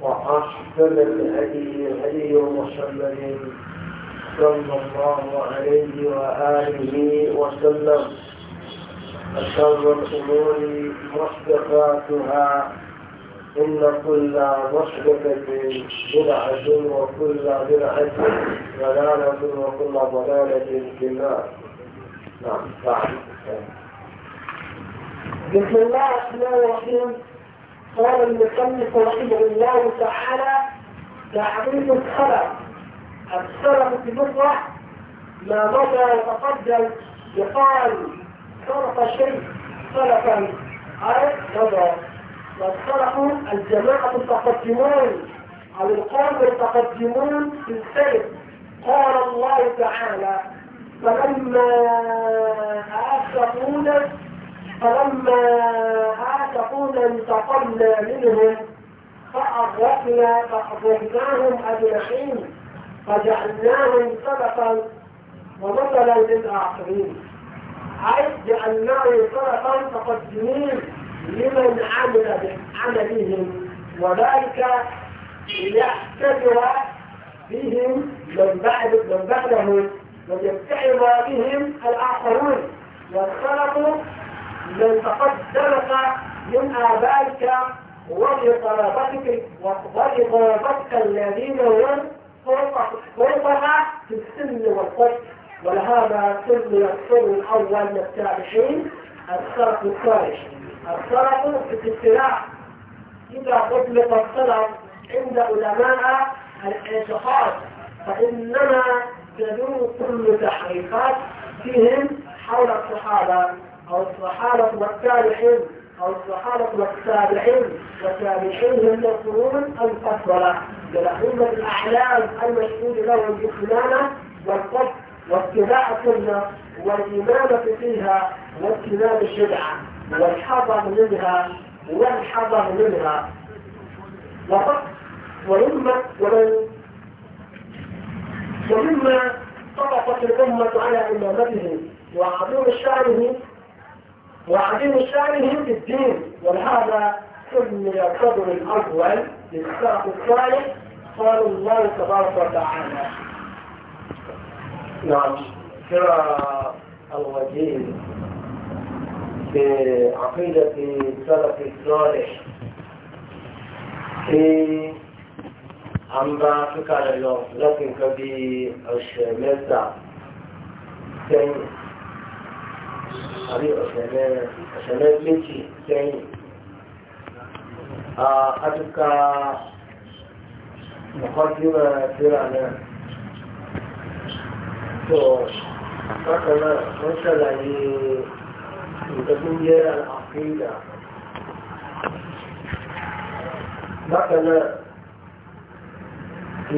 وأحسن الهدي هدي محمد صلى الله عليه وآله وسلم أشر الأمور محدثاتها إن كل محدثة بدعة وكل بدعة ضلالة وكل ضلالة في النار نعم بسم الله الرحمن الرحيم قال المصنف رحمه الله تعالى تعريف السلف السلف بمفرح ما مضى وتقدم يقال صرف شيء سلفا على مضى والسلف الجماعة المتقدمون أو القوم المتقدمون في السلف قال الله تعالى فلما آسفونا فلما آتقونا انتقلنا منهم فأغرقنا فأغرقناهم أجمعين فجعلناهم سلفا ومثلا للآخرين أي جعلناهم سلفا مقدمين لمن عمل بعملهم وذلك ليعتبر بهم من بعد من بعدهم ويتعظ بهم الآخرون والسلف من فقد سبق من آبائك ولقرابتك ولقرابتك الذين هم فوقها في السن والطفل ولهذا سمي السر الأول من التابعين السرق الخارج السرق في الابتلاء إذا أطلق السرق عند علماء الاعتقاد فإنما تدور كل تحريفات فيهم حول الصحابة أو الصحابة والتابعين أو الصحابة والتابعين من القرون المفضلة لأئمة الأعلام المشهود لهم بالإمامة والقصد واتباع السنة والإمامة فيها واتباع الشدعة والحذر منها والحذر منها وقد ومما ومن ومما طبقت الأمة على إمامته وعظيم شأنه وعديم شأنهم في الدين ولهذا سمي القدر الأول للسلف الثالث قال الله تبارك وتعالى نعم ترى الوجيه في عقيدة السلف الصالح في عم بفكر اليوم لكن كبير الشمسة àbí ọ̀sẹ̀ méjì sẹ́yìn àtúkà mọ̀kọ́dúnrà síra náà tó bákan náà wọ́n ṣàlàyé nǹkan tó ń jẹ́ àfíìdà bákan náà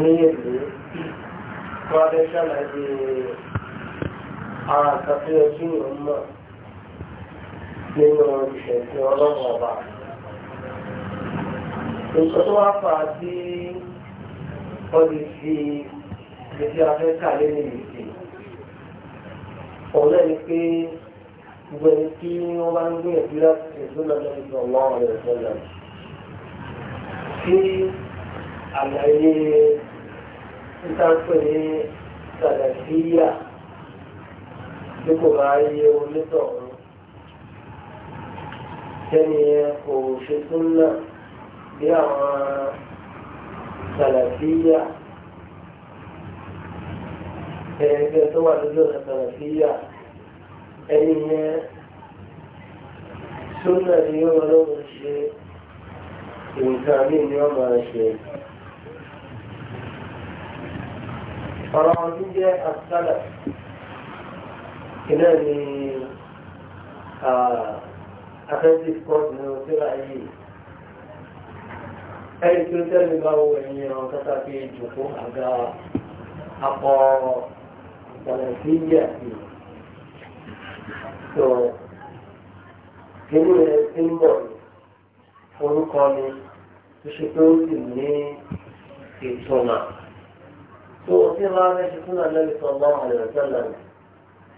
ní èdè wọ́n adé ara kàfẹ́ kí èèyàn mọ̀ nínú ìṣẹ̀sìn ọlọ́run ọba. Nǹkan tó polisi, fà á sí ọdí fi ìdí afẹ́kà lẹ́nu ìrìsì. Òun náà ni pé gbogbo ẹni tí wọ́n bá ń gbìyànjú láti tí kò bá yé onítọ̀hún sẹ́ni kò ṣe súnà bí àwọn sàlàfíyà ẹ̀ẹ́dẹ́ tó wà lójú ọ̀nà sàlàfíyà ẹni yẹn súnà ni yóò lọ́wọ́ ṣe nǹkan mí ni wọ́n máa ṣe. ọ̀rọ̀ ọdún jẹ́ àtàlà iná ni afẹ́sí sport ní òṣèlú ayé ẹni tí ó tẹ́lẹ̀ bá wo ẹ̀yìn ẹ̀rọ kátà fi jòkó àga akọ ìgbàlẹ̀ sí ilé àti tó kíní rẹ̀ ti ń bọ̀ orúkọ ni tó ṣe pé ó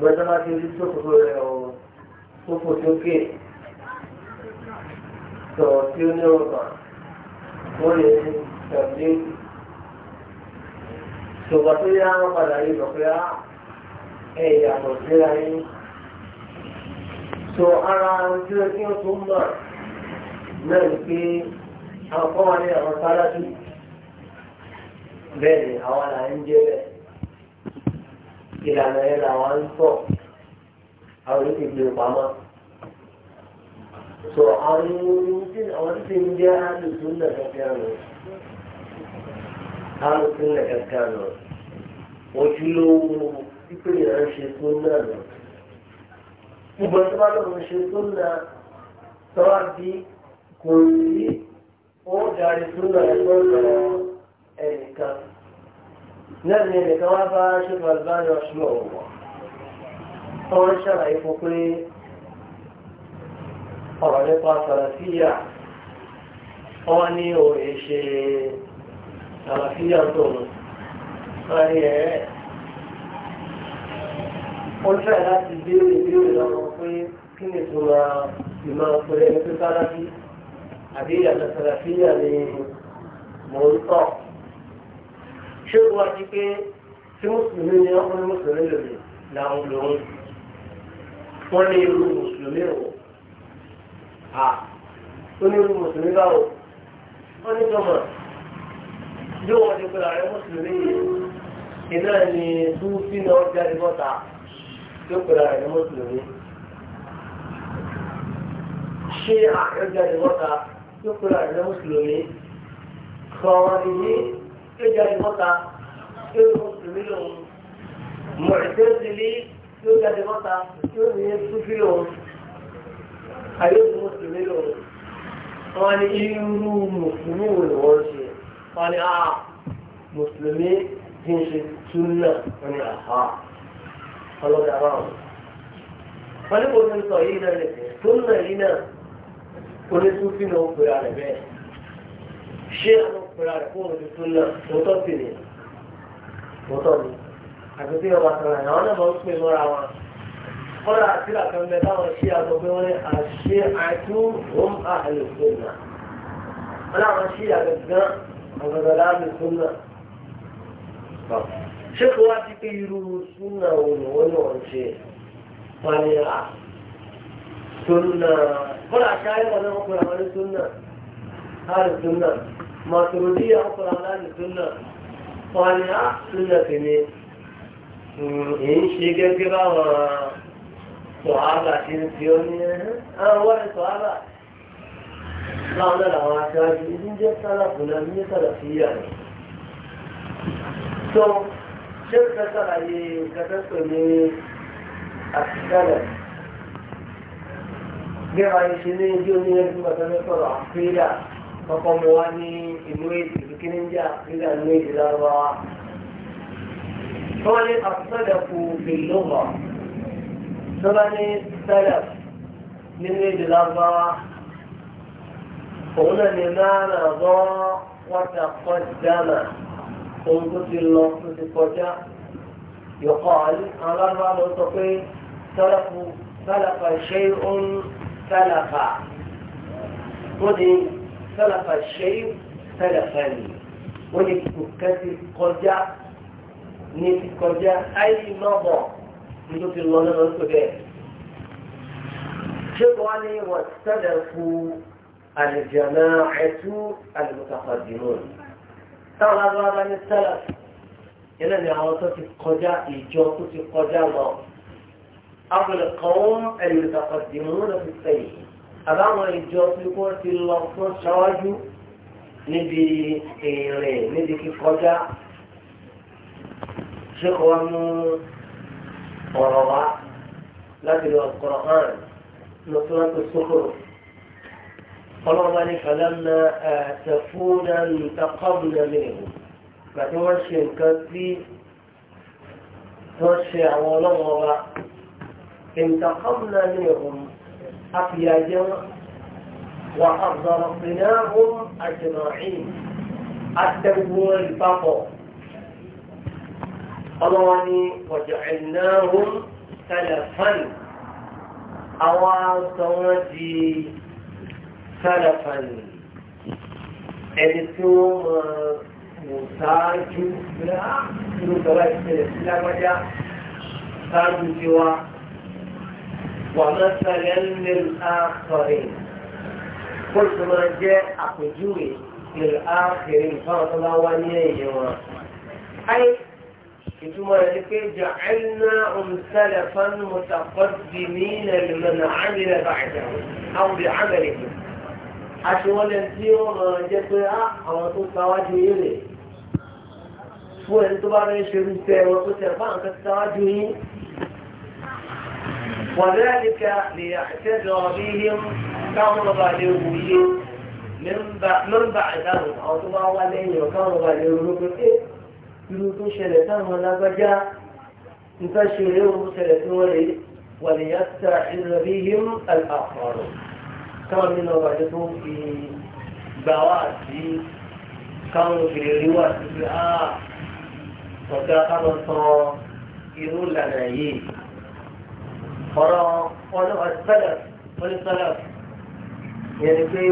gbọ́dọ̀ máa ti rí sókòtò rẹ̀ ọ̀ sókò sókè sọ̀rọ̀ tí ó ní ọ̀gbà wọ́n lè tẹ̀lé ṣùgbọ́n tó yá wọn padà yìí lọ pé á ẹ̀ yàtọ̀ síra yín so ara ojú ẹ kí wọ́n tó mọ̀ náà ni pé àwọn kọ́ wa ní àwọn sálájú bẹ́ẹ̀ ni ìlànà yẹn làwọn ń tọ̀ àwọn yìí ti gbé e pamọ́ so àwọn tí àwọn tí ń jẹ́ alùsùn náà kankan nù alùsùn náà kankan nù ojúlówó pípé yẹn ń ṣe sún náà nù ìgbọ̀n tó bá lọ́wọ́ ṣe sún náà tọ́wá bí kò sí ó darí sún náà lọ́wọ́ ẹnìkan náà ní ẹnìkan wá bá ṣètò àlùbáyé ọ̀ṣun ọ̀wọ̀ wọ́n ń ṣàlàyé fún pé ọ̀rọ̀ nípa sàlàfíà wọ́n ní òye ṣe sàlàfíà tó ń wọ́n ní ẹ̀rẹ́ wọ́n fẹ́ láti béèrè béèrè lọ́wọ́ pé kí ni ìtura ìmọ̀ ọ̀pẹ̀lẹ̀ ní pípa láti àbí ìyàtọ̀ sàlàfíà ni mò ń tọ̀ ṣé ó wá di pé tí mùsùlùmí ni wọ́n ní mùsùlùmí lòdì làwọn lòun wọ́n ní irú mùsùlùmí o à ó ní irú mùsùlùmí báwo wọ́n ní tọ́mọ̀ yóò wọ́n ti pé ààrẹ mùsùlùmí yìí iná ni dúfí náà jáde bọ́ta tó pé ààrẹ mùsùlùmí ṣé ààrẹ jáde bọ́ta tó pé ààrẹ mùsùlùmí kọ́ ọ́ nìyí tó jáde mọ́ta tó ní mùsùlùmí lòun mọ̀tẹ́sílì tó jáde mọ́ta tó ní súfì lòun ayé ní mùsùlùmí lòun wọ́n ní irú mùsùlùmí wò ni wọ́n ṣe wọ́n ní a ah, mùsùlùmí tí ń ṣe túnlẹ̀ wọ́n ní àhá ọlọ́dà báwọn wọ́n ní kò ní sọ yìí náà lè túnlẹ̀ yìí náà onísúfì náà ó pè ara bẹ́ẹ̀ ṣé àwọn pèrè àrẹ fún òun tuntun náà tòótọ́ sì ni tòótọ́ ni àti tí wọn bá sọ̀rọ̀ àyàn wọn náà máa ń pè mọ́ra wọn kọ́ra àti làkàn bẹ táwọn ṣe àtọ́ pé wọ́n ní àṣe àìtú òun àhàlẹ̀ òfin náà wọn láwọn ṣe àgbẹ̀gán àgbẹ̀gán àmì òfin náà ṣé kò wá sí pé irú súnà òun òun ni wọ́n ṣe wọn tó ń nà kọ́ra àṣà ayé wọn náà wọ́n àhálù súnà màtòròdì àkọ́kọ́rọ́ aláàlú súnà wọn ni á súnà tèmi èyí ṣe gẹ́gẹ́ báwọn sọ̀hábà ṣe ń fi ó ní àwọn wọ́n ní sọ̀hábà láwọn náà làwọn aṣáájú ibi ń jẹ́ sálàfù náà ní sàlàfíyà rẹ̀ tó ṣé kẹta ṣàlàyé kẹtẹ́sọ̀ ní àṣìṣẹ́lẹ̀ bí a ṣe ní ojú oníyẹn nígbà tó ń sọ̀rọ̀ àfíyà kọ́kọ́ mọ wá ní ìlú èdè kíkiri ń jà nígbà ìlú èdè lárúbáwá. wọ́n ní àtúntàdàkù ìlú mọ̀ lọ́ba ní sẹ́lẹ̀f nínú èdè lárúbáwá. òun náà ní máa nà rọ́ wọ́tà kọ́dánà ohun tó ti lọ tó ti kọjá. yọ̀kọ́ àwọn lárúbáwá ló sọ pé sẹ́lẹ̀fù sẹ́lẹ̀fà ṣe é ń sẹ́lẹ̀fà. wọ́n ti sálàfà ṣẹ́yìn sálàfà ni wọ́n ní kò kẹ́sì kọjá ní kọjá ayé nọ́bọ̀ ní tó ti lọ lọ́nà ń pè bẹ́ẹ̀. ṣé wọ́n ní wọ́n sálẹ̀ fún àlìjàmá ẹ̀tú àlùmọ́tàfà dìrò táwọn agbára ní sálà yẹn ní àwọn tó ti kọjá ìjọ tó ti kọjá lọ. أغلقهم المتقدمون في السيد àbáwọn ìjọ tí wọ́n ti lọ fún ṣáwájú níbi ìrìn níbi kíkọjá ṣé kò wá mú ọ̀rọ̀ wá láti lọ kọ̀rọ̀ hàn lọ́sọ́lọ́sọ́ sókòrò. قالوا يعني فلما آتفونا انتقمنا منهم فتوشي الكتبي توشي عوالهم انتقمنا منهم àfìyà jẹ wọn wà àgbọ̀rọ̀ pẹ̀lú àwọn àjẹmọ̀rin àtẹ̀wọ̀n ìpapọ̀ ọlọ́wọ́ ni wọ̀jọ̀ ẹ̀náhùn tẹlẹfọ́nì àwọn aṣọ wọn di tẹlẹfọ́nì ẹni tí wọ́n máa wò sáájú bí i á ló sọ̀rọ̀ ìṣẹ̀lẹ̀ sí lágbájá sáájú tiwa. ومثلا للآخرين قلت ما جاء أخجوي للآخرين فرط الله ونيه أي ثم ذلك جعلناهم سلفا متقدمين لمن عمل بعدهم أو بعملهم أشوال فيهم جاء أو تتواجه إليه فوين تبارك شروع سيوة تتواجه وذلك ليحتجر بهم كرب الغلويين من بعدهم أو تبعوا ولين وكرب الغلويين إيه يقولون شلتان ولا بجاء انتشروا شلتان ولي وليستعر بهم الآخرون كما من وجدهم في بواسي كانوا في رواسي آه وكانوا صار يقول لنا ييه ọ̀rọ̀ ọlọ́wọ́ sẹ́lẹ̀ pẹ́lẹ́sẹ́lẹ̀ yẹn ni pé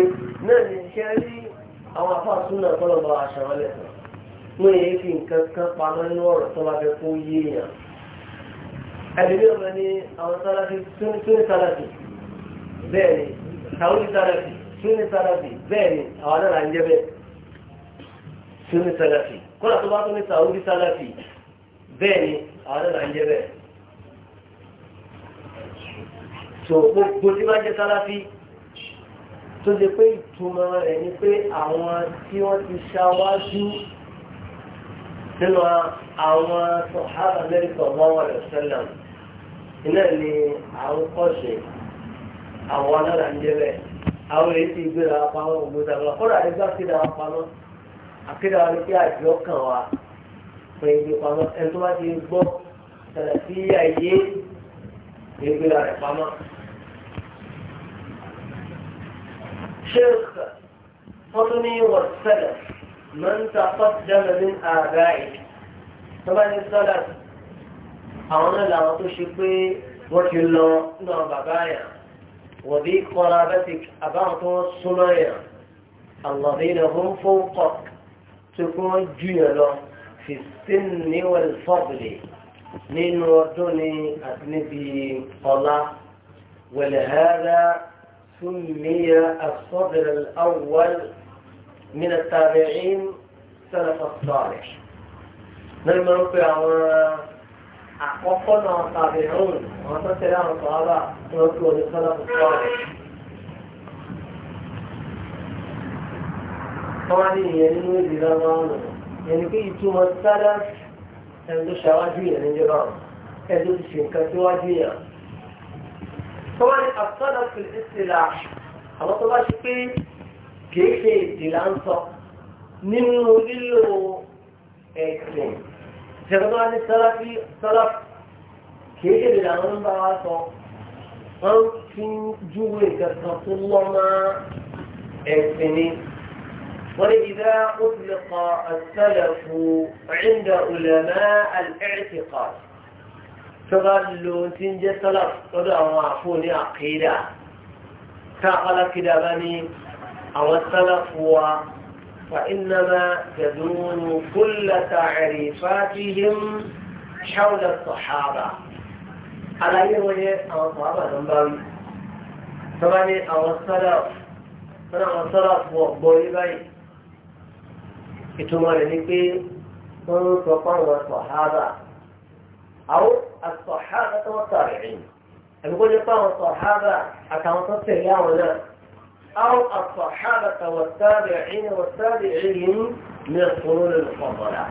náà ní ṣe rí àwọn afáàtún náà tọ́lọ̀ bá aṣọ wọn lẹ́sẹ̀ wọ́n yẹ fi nǹkan kan pamọ́ nínú ọ̀rọ̀ tó bá fẹ́ kó yé èèyàn ẹ̀dùnú ọ̀rọ̀ ni àwọn sálábì túnú sálábì bẹ́ẹ̀ ni sàwùdí sálábì túnú sálábì bẹ́ẹ̀ ni àwọn náà ń jẹ́ bẹ́ẹ̀ túnú sálábì kọ́lá tó bá tún ní sàwùdí sálábì bẹ́ẹ̀ ni àwọn náà ń jẹ́ bẹ́ẹ̀ so gbogbo tí wọ́n jẹ́ sáláfí tó ṣe pé ìtumọ̀ rẹ̀ ni pé àwọn tí wọ́n ti ṣáwájú nínú àwọn sọ̀hárà mẹ́rìkà ọ̀gbọ́n rẹ̀ sẹ́lẹ̀m iná ni àwọn kọ́ọ̀ṣì àwọn alára ń jẹ́ bẹ́ẹ̀ àwọn èyí ti gbéra pamọ́ ògbóta lọ kọ́ra àdégbà kéde àwọn pamọ́ akéde àwọn ní kí àjọ kàn wá pé ibi pamọ́ ẹni tó bá ti gbọ́ sẹ̀lẹ̀ sí ayé ìgbéra rẹ̀ pamọ́. شيخ فطني والسلف من تقدم من آبائك طبعا السلف أنا لا تشفي وكلا نار بابايا وذي قرابتك أبعت الصنايا الذين هم فوقك تكون جيلا في السن والفضل من وردني أبنبي الله ولهذا سمي الصدر الأول من التابعين سلف الصالح لما نقع وقلنا التابعون وقلنا عن الصحابة ونقول سلف الصالح طبعا يعني نريد يعني في يتوم السلف عنده شواجية من يعني جبان عنده تشين كتواجية tó wá ní àtúntàdà fìlì ìsìlá àwọn tó bá ṣe pé kìí ṣe ìdìlà ń sọ nínú lílo ẹ̀sìn ìṣẹ̀kọ́ tó wá ní sálàfí sálàfí kìí ṣe ìdìlà ń bá wa sọ wọ́n fi ń júwe kankan tó lọ́ mọ́ ẹ̀sìn ni. وإذا أطلق السلف عند علماء الاعتقاد tọ́ba lo ti ń jẹ́ sọ́lá lọ́dọ̀ àwọn àfò ní àkéèdà tá a kọ́lá kéèdà bá ní àwọn sọ́lá fún wa fa innama tẹ̀dúnú kúlẹ̀ta ẹ̀rì fàtíhìm ṣáwùlẹ̀ sọ̀hábà alayé wọn yẹ àwọn sọ̀hábà ló ń bá wí tọ́ba ní àwọn sọ́lá fún àwọn sọ́lá yí báyìí ìtumọ̀ rẹ̀ ni pé wọ́n ń sọ fún sọ̀hábà. أو الصحابة والتابعين نقول يطار الصحابة أتوسط يا ولا أو الصحابة والتابعين والتابعين من القرون المفضلة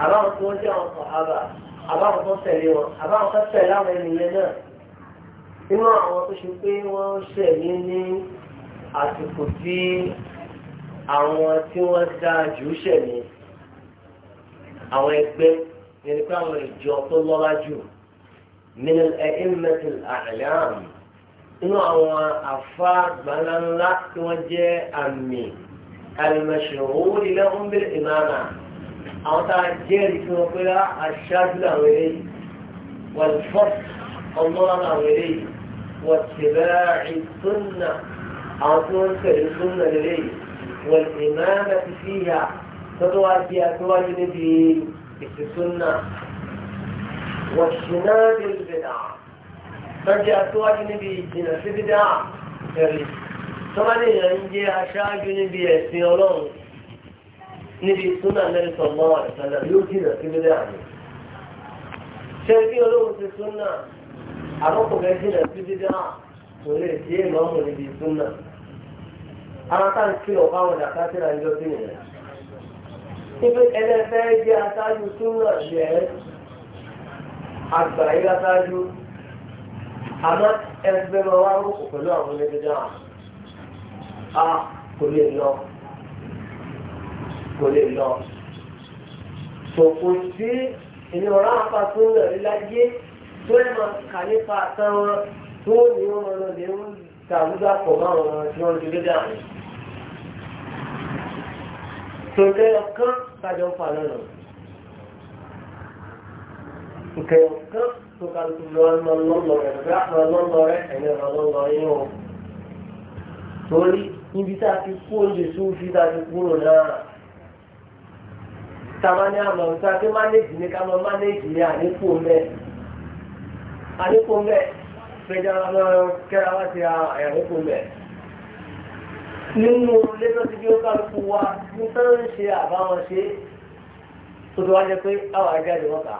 أبا رسول جاء الصحابة أبا رسول يا أبا رسول سلام إلينا إما أعوات شبين وشبين أتكتي أعوات وزاجو شبين أو يكبر yẹn ni pé àwọn ìjọ tó lọ́lá jù min al-a'immati al-a'lam inú àwọn àfa gbanáńlá tí wọ́n jẹ́ àmì al-mashhuri lahum bil-imama àwọn tá a jẹ́rìí fún wọn pé aṣáájú làwọn eléyìí wal-fadl ọlọ́lá làwọn eléyìí واتباع السنة عطوان كالسنة لديه والإمامة فيها فتواتي أتواجد في السنة واجتناب البدع فجاء سواج نبي جنس ثم كريم طبعا ينجي أشاج نبي يسيرون نبي سنة النبي صلى الله عليه وسلم يوجد في بدع شركي ولو في السنة أرقب يجنس بدع وليه جيه مهم نبي سنة أنا تعرف كيلو قاوة دكاترة عندو سنة ibi ẹlẹ́fẹ́ jẹ́ aṣáájú súnà jẹ́ àgbàyé aṣáájú àmọ́ ẹgbẹ́ máa wá rúkù pẹ̀lú àwọn onígbẹ́dá a kò lè lọ kò lè lọ tó kò sí ìní ọ̀rọ̀ apá súnà líláyé tó ẹ̀ máa kà nípa àtàwọn tó ní wọn lọ lè ń tàbúdà pọ̀ mọ́ àwọn tí wọ́n ti gbé dáhùn. tòkè ọ̀kan tájọ ń fà lọ́nà nkẹyọ kan tó ká ló lọ ẹnu ọlọ́lọ́ rẹ̀ bí àwọn ọlọ́lọ́ rẹ̀ ẹ̀yìn ọlọ́lọ́ yín o torí níbi tá a ti kú oúnjẹ tó fi tá a ti kúrò náà tàbá ní àmọ̀ nípa pé mánéèjì ní ká máa mánéèjì ní àníkù mẹ́ àníkù mẹ́ fẹjọ́ kẹ́ra wá sí àníkù mẹ́ nínú ilé tó ti bí ó kálukú wa ní tó ń ṣe àbáwọn ṣe tó tó wá jẹ pé àwọn ajáde wọn kà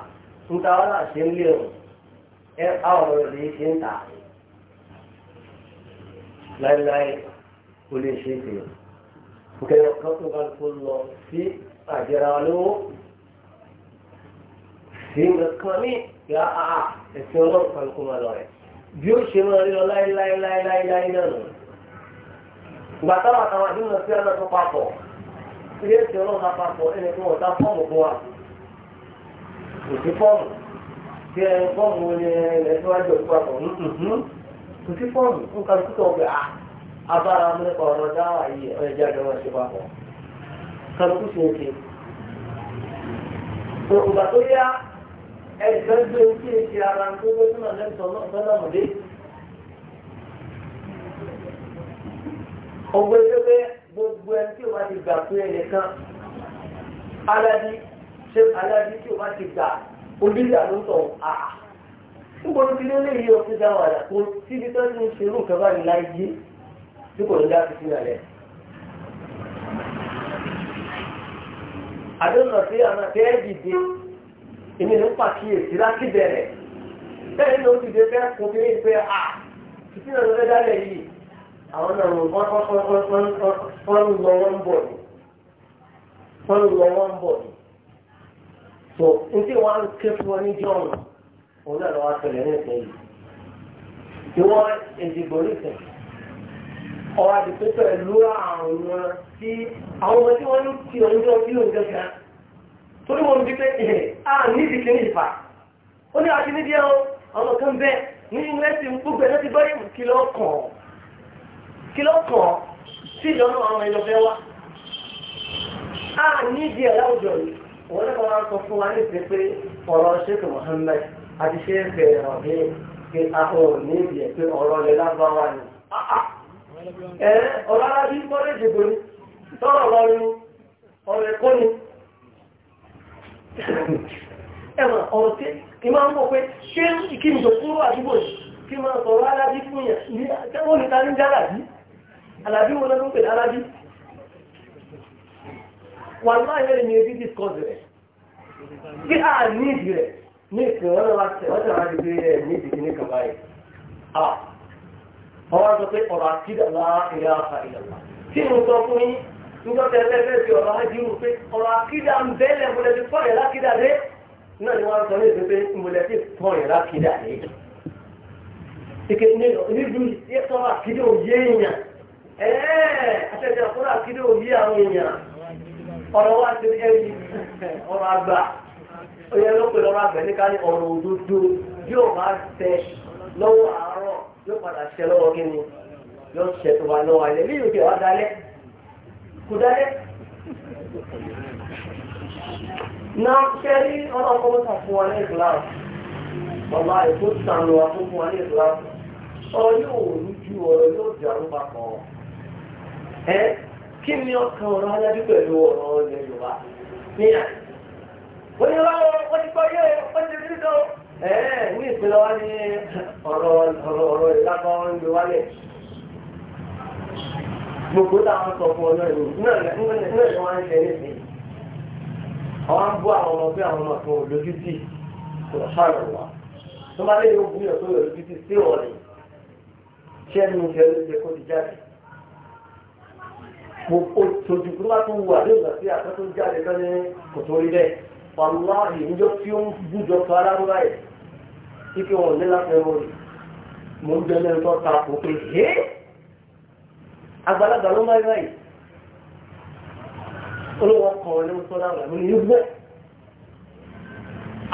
ń ta wọn láṣẹ ń lé òun ẹ àwọn ọ̀rọ̀ lè ṣe ń tà láéláé kò lè ṣe tè òkè kan tó kálukú lọ sí àjẹrà lówó sí nǹkan mí yá àà ẹ̀sìn ọlọ́run kálukú máa lọ rẹ̀ bí ó ṣe máa rí lọ láéláé láéláé náà nù ìgbà àtàwọn ìlú sí ọ̀nà tó papọ̀ ilé ìsìn ọlọ́run àpapọ̀ ẹni tó wọ́n ta fọ́ọ̀mù fún wa kò sí fọ́ọ̀mù tí ẹ fọ́ọ̀mù ni ẹ tí wọ́n jọ papọ̀ kò sí fọ́ọ̀mù nǹkan tó tọ̀ pé abára mi nípa ọ̀rọ̀ dáwà yìí ọ̀rẹ́ jáde wọn ṣe papọ̀ kálukú ṣe é ṣe. òkùnkà tó yá ẹ̀ẹ́dẹ́gbẹ̀ẹ́ ṣe é ṣe ara tó gbé ọgbẹ́ ẹgbẹ́ gbogbo ẹni tí o bá ti gbà pé ẹnìkan aládì ṣe aládì tí o bá ti gbà onídà ló tọ̀ à nígbà tó ti lélẹ̀ yìí ọtí dá wàdà kó síbi tó ti ń ṣe irú nǹkan báyìí láì yé tí kò ní dá fi sílẹ̀ rẹ̀. àdéhùn sí àwọn akẹ́yẹ́ dìde èmi ló pàkíyèsí láti bẹ̀rẹ̀ bẹ́ẹ̀ ni ó ti dé fẹ́ kún kí pé à títí náà ló fẹ́ yìí àwọn náà wọ́n lọ wọ́n bọ̀ ní wọ́n lọ wọ́n bọ̀ ní so n tí wọ́n á ké fún wọn ní john òun náà lọ́wọ́ àtẹ̀lẹ́ ní ìsẹ̀ yìí tí wọ́n ìdìbò ní ìsẹ̀ ọ̀rọ̀ àdìpé pẹ̀lú àwọn tí àwọn ọmọ tí wọ́n ń ti ọjọ́ bí òun gẹ́gẹ́ torí wọn bí pé à nídìí kí ní ìfà ó ní àti nídìí ẹ̀hún àwọn kan bẹ́ẹ̀ ní yunifásitì gbogbo ẹ̀ lọ́ti bọ́ọ̀lù kìlọ̀ kàn kí ló kàn ọ́ tí àwọn a níbi yìí fún wa nípa pé ọ̀rọ̀ ṣètò Muhammad àti ṣe é fẹ́ ẹ̀rọ bí ní ẹ̀ pé ọ̀rọ̀ ni. ni tọ́rọ̀ lọ ni ni. ẹ̀mọ̀ ọ̀rọ̀ tí máa ń mọ̀ pé ṣé àdúgbò yìí kí máa sọ̀rọ̀ fún yẹn alábí wọn lọ́dún pẹ̀lú alábí wà láì lẹ́yìn ní ebi discourse rẹ̀ kí a ní ìdí rẹ̀ ní ìsìn wọn lọ́wọ́ tẹ̀ wọ́n tẹ̀ wọ́n ti gbé rẹ̀ ní ìdí ní kàbá yìí a ọwọ́ sọ pé ọ̀rọ̀ àkídà láà ilé àfà ilẹ̀ wa tí mo sọ fún yín nígbà tẹ ẹ fẹ́ fi ọ̀rọ̀ ajíhù pé ọ̀rọ̀ àkídà ń bẹ́lẹ̀ mo lè fi pọ̀ yẹn lákídà dé náà ni wọ́n sọ ní ìsìn pé mo pọ̀ yẹn lákídà dé. ìkẹ́ ní ìlú ìsọ́rọ̀ àkídà òye èèyàn àtẹ̀jẹ̀ àkúrà kí ló yí àwọn èèyàn ọ̀rọ̀ wá sí ẹ̀yìn ọ̀rọ̀ àgbà oyè lọ́pẹ̀ lọ́rọ̀ àgbẹ̀ ọ̀rọ̀ òdodo yóò máa tẹ lọ́wọ́ àárọ̀ yóò padà ṣẹ lọ́wọ́ kí ni yóò ṣẹ tó wà lọ́wọ́ àìlẹ́ bí yòókè wá dalẹ̀ kò dalẹ̀. náà kẹ́rí ọlọ́kọ́ mọ́ta fún wa ní ìsìlámù bàbá èkó sànù wa wa ní ìsìlámù ọ̀rọ̀ yóò rújú yóò papọ̀ ẹ kí ni ọkàn ọ̀rọ̀ adájú pẹ̀lú ọ̀rọ̀ ilẹ̀ yorùbá ní à wọ́n ti wáwọ́ wọ́n ti kọ́ wọ́n ti rí tó ẹ̀ ní ìpínlẹ̀ wa ní ọ̀rọ̀ ọ̀rọ̀ ọ̀rọ̀ ìlápá wọn wálẹ̀ gbogbo táwọn sọ fún ọ náà náà ni wọ́n ń ṣe nísìnyí àwọn bú àwọn ọmọ bí àwọn ọmọ kan lójútì kò tó bá lè yóò bú yàn tó yọ lójútì sí ọ̀rẹ́ ṣẹ́ni mo ló ṣe kó ti jáde mo kó tójú tó bá tún wà lóògbà sí àtọ́ tó jáde kan ní kòtò orí bẹ́ẹ̀ wàláhì níjọ́ tí ó ń bújọ tó arábúrá ẹ̀ tí kí wọ́n lé láti ẹ̀rọ rẹ̀ mo ń bẹ lẹ́nu tó ta kò pé hé àgbàlagbà ló máa ń ráyè olówó kan ní sọ náà rẹ̀ mo ní wọ́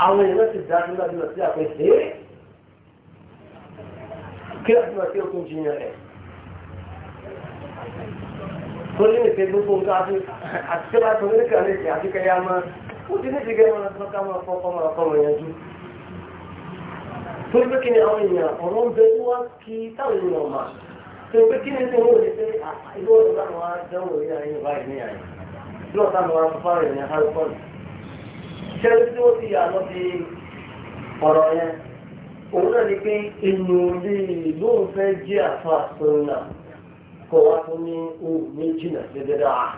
àwọn èèyàn ti dá sí lọ́dún sí àpè hé kí lọ́dún sí òkú jiyàn rẹ̀. सोने में फेसबुक को उनका आदमी अच्छे बात होने के अनेक आदि कया में उतने जगह में सबका में पापा में पापा में याजू सोने के लिए आवे यहाँ और हम बेटुआ की तब नहीं होगा तो बेटी ने तो जैसे इधर उधर वहाँ जाओ या ये भाई नहीं आए लो तब वहाँ पापा ने हर पल चल जो थी आलो थी और ये òun náà ni pé èèyàn lè lóun fẹ́ jẹ́ àfa àtúnná kọ́ wá tó ní ohun ní jìnnà sí dáadáa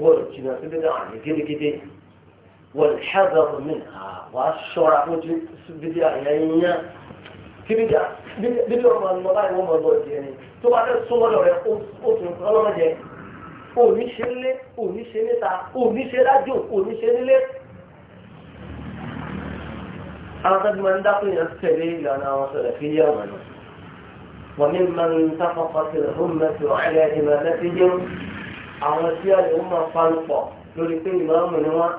wọ́n jìnnà sí dáadáa ní gidigidi wọ́n ṣàbẹ̀wò mi nà wá ṣọ́ra fún bíbí àyẹ̀yẹ́ kíbíjà bíbí ọmọ ọmọ báyìí wọ́n mọ̀ lọ di ẹni tó bá fẹ́ súnmọ́ lọ rẹ ó tún ọlọ́mọdé òní ṣe nílé òní ṣe níta òní ṣe lájò òní ṣe nílé àwọn tó máa ń dákùn yẹn tẹ̀lé ìlànà àwọn sọ̀rọ̀ fi yé ọ̀nà وممن انتفقت الأمة على إمامتهم àwọn tí a lè ń máa falùpọ̀ lórí pé ìmáàmù ni wọ́n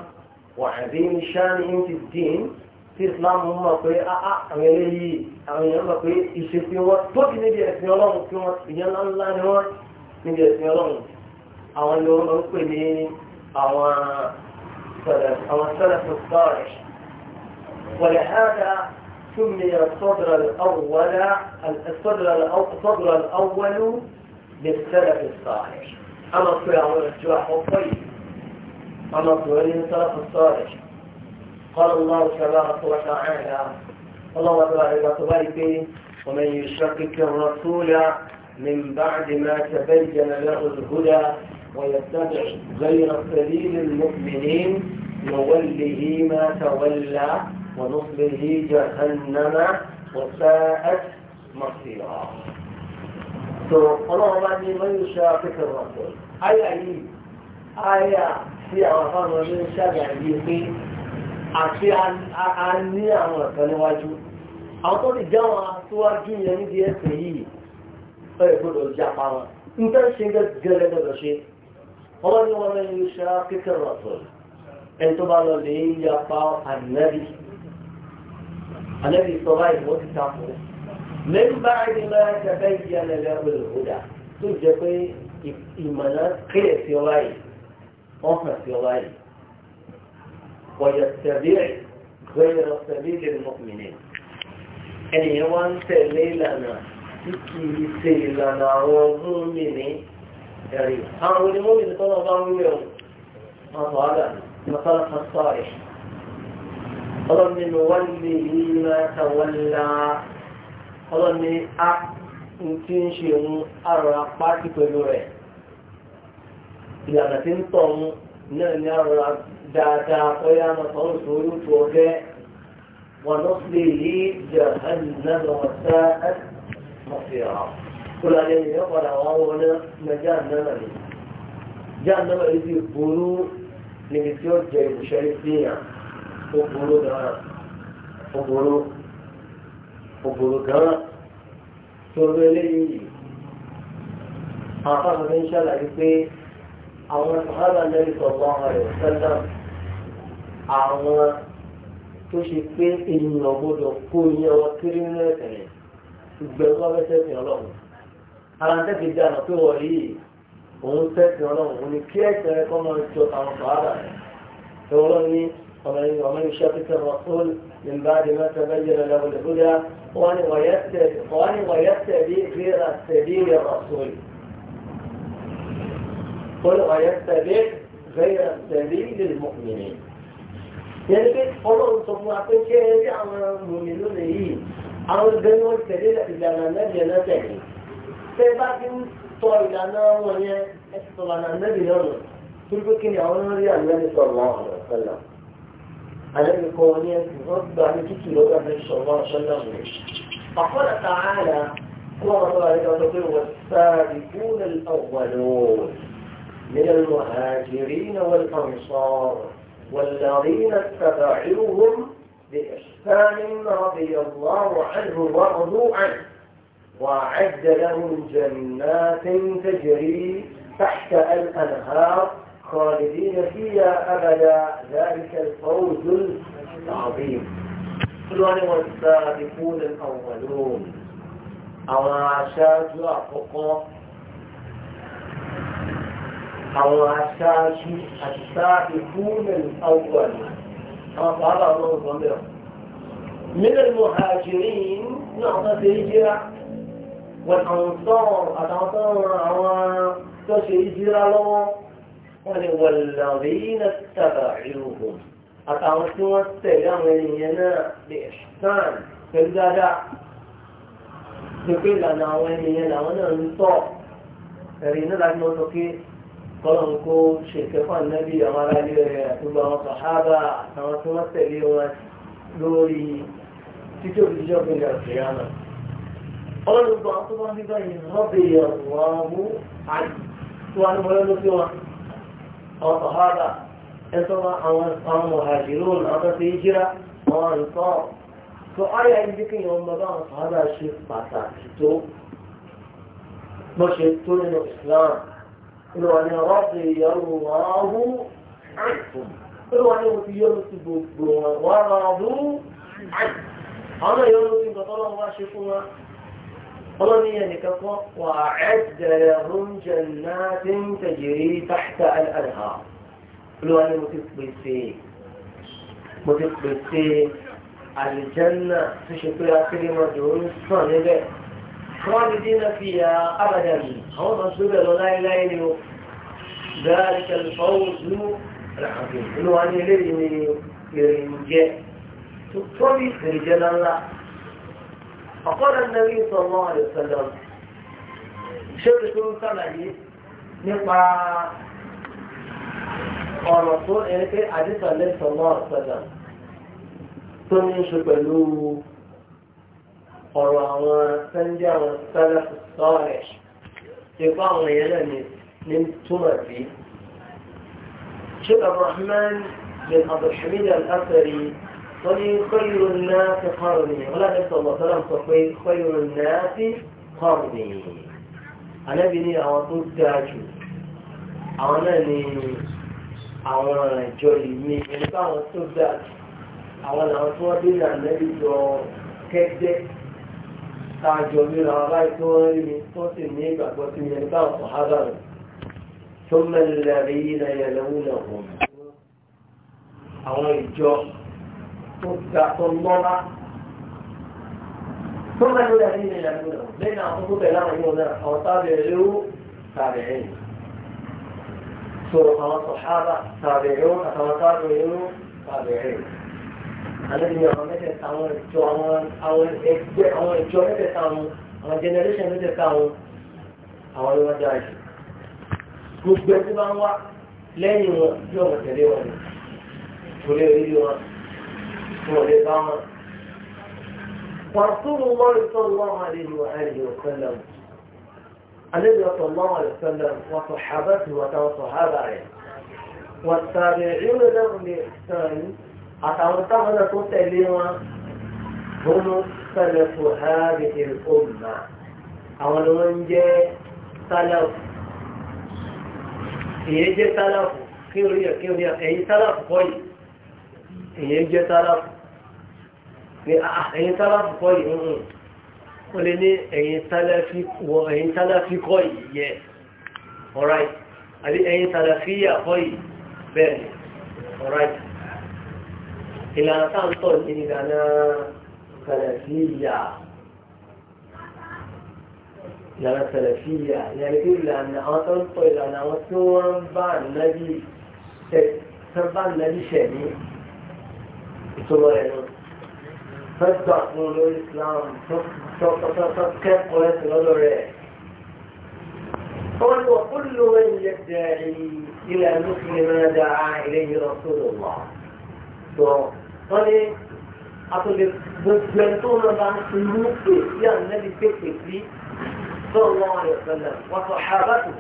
wà àbí ní sáàni ń ti dín tí islam mọ̀ pé áá ah, ah, àwọn eléyìí àwọn èèyàn mọ̀ pé ìṣesí wọn tó ti níbi ẹ̀sìn ọlọ́run tí wọ́n ìyẹn ńláńlá ni wọ́n níbi ẹ̀sìn ọlọ́run àwọn ni wọ́n ń pè ní سمي الصدر الأول الصدر الصدر الأول للسلف الصالح أما الصلاة على الجواح والطيب أما الصلاة للسلف الصالح قال الله تبارك وتعالى الله تبارك وتبارك ومن يشقك الرسول من بعد ما تبين له الهدى ويتبع غير سبيل المؤمنين نوله ما تولى ونصله جهنم وساءت مصيرا so ọlọ́run bá ní mọ́yìn ṣe afẹ́fẹ́ rọ̀pọ̀ àyà yìí àyà tí àwọn afáàmọ́ ní ṣàlàyé pé àti a ní àwọn ọ̀kan níwájú àwọn tó lè já wọn aṣíwájú yẹn níbi ẹsẹ̀ yìí fẹ́rẹ̀ gbọ́dọ̀ japa wọn nǹkan ṣe gẹ́gẹ́ gbọ́dọ̀ ṣe ọlọ́run wọn mọ́yìn ṣe afẹ́fẹ́ rọ̀pọ̀ ẹni tó bá lọ lè yapa ànábì النبي صلى الله عليه وسلم من بعد ما تبين له الهدى تجد إيمانات قيل في غير أخر في غير ويتبع غير سبيل المؤمنين أن يوان تلي لنا تكيسي لنا وظلمني يعني هم المؤمنين طلبوا منهم أطالا مثلا الصالح ọlọ́ni ló wá lè rí máa tàwọ́lá ọlọ́ni a tí ń ṣe òun àrùn apáàtì pẹ̀lú rẹ̀ ìlànà tí ń tọ̀ òun náà ní àrùn dáadáa pẹ́yà mọ̀tọ́ òṣòro tó ọgẹ́ wọn lọ sí èyí jẹ ẹnìyàn ọ̀sẹ̀ mọ̀fìrà kó lálẹ́ ìyẹn padà wọ́n wọlé mẹjá náà ni jáà náà yìí burú níbi tí ó jẹ ìbùsọ̀rí sí ó burú gan-an ó burú ó burú gan-an tó ló eléyìí àfáàmù ní ṣàlàyé pé àwọn sàhábà lẹ́yìn sọ̀gbọ́n rẹ̀ sẹ́dá àwọn tó ṣe pé ènìyàn gbọ́dọ̀ kó iye wọn kéré nínú ẹ̀tẹ̀rẹ̀ ìgbẹ̀rún wọn fẹ́ sẹ́sìn ọlọ́run ara ń tẹ́sí dáná pé wọ́n rí òun sẹ́sìn ọlọ́run òun ni kí ẹ̀sẹ̀ kọ́ ومن يشاقك الرسول من بعد ما تبين له الهدى وأن ويتبي غير سبيل الرسول قل ويتبي غير سبيل المؤمنين يعني بيت قرون صفواتين كيدي عما مؤمنون إيه عما بنو السبيل في جانانا جانتين سيباكين طويلانا ونيا اسطلانا إيه؟ نبي نرن تلك كني عونا ريال نبي صلى الله عليه وسلم هنرمي القوانين غصب عن كتير لو قال صلى الله عليه وسلم فقال تعالى قال الله عليك وتقول والسابقون الأولون من المهاجرين والأنصار والذين اتبعوهم بإحسان رضي الله عنه ورضوا عنه وأعد لهم جنات تجري تحت الأنهار خالدين فيها أبدا ذلك الفوز العظيم كلهم والسابقون الأولون أو أشاج أفقه أو أشاج السابقون الأولون قال الله ضمير من المهاجرين نعطى الهجرة والأنصار أتعطى تشهي لهم والذين اتبعوهم أتعرفوا السلامينا بإحسان فلذا تقول أنا وينينا وأنا نطاق ẹ̀rìn náà láti mọ́ sọ pé kọ́lọ̀n kó ṣèkẹ́ fún ànábì àwọn ará ilé rẹ̀ gbogbo àwọn sàhábà àwọn tí wọ́n tẹ̀lé wọn lórí títí òfìsí ọ̀gbìn àṣeyàmà ọlọ́run gbọ́ àwọn tó bá ń bí báyìí rọ́bì ọ̀wọ́ àti àwọn sọ̀hábà ẹ̀tọ́ àwọn mọ̀hàjìrún àwọn tó yíjíra àwọn ìtọ́ tó ayà yìí kí ni ọmọ bá àwọn sọ̀hábà ṣe pàtàkì tó mọ́ṣe tó nínú Islam inú wọn ni rọ́ọ̀dì ìyàwó wàhù àìsùn inú wọn ni mo ti yọrù sí gbogbo wọn wàhù àìsùn àwọn yọrù sí gbogbo wọn wá ṣe fún wọn ظلمي لكفر يعني وأعد لهم جنات تجري تحت الأنهار قلوا أنا متقبل فيه متقبل فيه الجنة تشكو يا كريم رجل صنبة خالدين فيها أبدا هو رسول الله لا إله ذلك الفوز العظيم قلوا أنا لرمي يرمي جه تقبل في الجنة الله فقال النبي صلى الله عليه وسلم شوف شو رسول سمعي نقع الرسول إليك عزيز الله صلى الله عليه وسلم ثم يشوف يشكلوا قرآن سنجر السلف الصالح تقال يلني من تمر شوف الرحمن من عبد الحميد الأثري wọ́n ní kọ́yìrò náà ti kọ́rọ̀ mi wọ́n láti sọ̀rọ̀ sọ́lá sọ pé kọ́yìrò náà ti kọ́rọ̀ mi. àlẹ́bí ní àwọn tó dáa jù àwọn náà ní àwọn ìjọ ìmí ẹni báwọn tó dáa jù àwọn làwọn tó wọ́n dé ní àlẹ́bí jọ kẹ́gbẹ́ táàjọ ní ra aláì tó wọ́n rí mi tó sì ní ìgbàgbọ́ sí mi ẹni báwọn sọ̀hádà tó mẹ́lẹ̀ rí ilẹ̀ yẹn tó ga tó lọ́lá tó bẹ́ẹ̀ lórí àdéhùn ìlànà ìlànà bẹ́ẹ̀ ni àwọn tó bẹ̀rẹ̀ àwọn yóò náà àwọn tábìlì lérò tábìlì ẹ̀yìn so àwọn sọ̀hábà tábìlì ó àtàwọn tábìlì lérò tábìlì ẹ̀yìn àlejò àwọn mẹ́tẹ̀ẹ̀ta àwọn ìjọ àwọn ẹgbẹ́ àwọn ìjọ mẹ́tẹ̀ẹ̀ta àwọn àwọn generation mẹ́tẹ̀ẹ̀ta àwọn àwọn ló wọ́n dáa jù gbogbo ẹgbẹ́ bá ń wá lẹ́yìn wọn yóò mọ̀ tẹ̀lé wọn ni kò lè rí wọn. والإقامة ورسول الله صلى الله عليه وآله وسلم النبي صلى الله عليه وسلم وصحابته وصحابته والتابعين لهم بإحسان أتعرضنا تتعلمها هم سلف هذه الأمة أول من جاء سلف يجي إيه سلف كيف يجي سلف كويس يجي إيه سلف pé ah, ah, ẹ̀yin sálàfù kọ́ yìí ń hùn ó lè ní ẹ̀yin sálàfì kọ́ yìí yẹ alright àbí ẹ̀yin sálàfíyà kọ́ yìí bẹ́ẹ̀ alright ìlànà sáńtọ̀ ní ìlànà sálàfíyà ìlànà sálàfíyà ìyàní pé ìlànà àwọn tó ń tọ́ ìlànà àwọn tí wọ́n ń bá nàbí ṣẹ̀mí ìtumọ̀ rẹ̀ náà fẹ́tàkùn lórí Islam kẹ́kọ̀ọ́ ẹ̀sìn lọ́dọ̀ rẹ̀. قل وكل من يدعي إلى مثل ما دعا إليه رسول الله. قل أقول بنتون عن سلوك يعني النبي بيتك لي صلى الله عليه وسلم وصحابته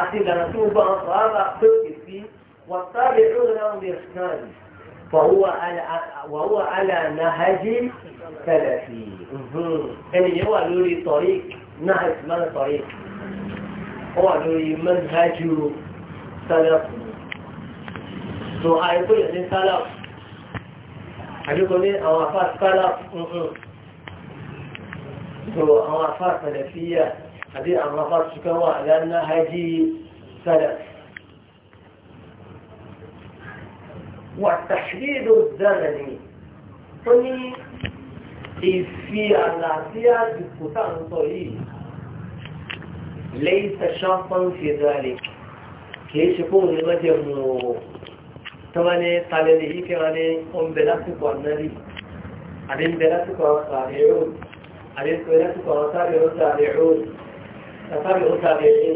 أتي لنا توبة صحابة بيتك لي والتابعون لهم بإحسان فهو على وهو على نهج سلفي يعني هو لوري طريق نهج ماذا طريق هو لوري منهج سلف تو àìkú yẹ̀ ní sálàf àdúgbò ní àwọn afá sálàf tó àwọn afá sàlẹ̀fíyà àti àwọn afá ṣùgbọ́n wà lánàájí sálàf wàtàṣílò zẹ́rẹ̀ ni tó ní ìfi àlà sí àdìpò táàntọ̀ yìí lẹ́yìn tẹ̀ṣọ́pọ̀n fi rẹ̀ kìí ṣe kó ní lọ́jẹ̀ mú o tó bá ní talẹ̀lẹ̀ yìí kẹ́ra ní ọmọbẹ̀ lásìkò ànárí àdínbẹ̀ lásìkò àwọn sàárẹ̀ rò àdínbẹ̀ lásìkò àwọn sàárẹ̀ rò sàárẹ̀ rò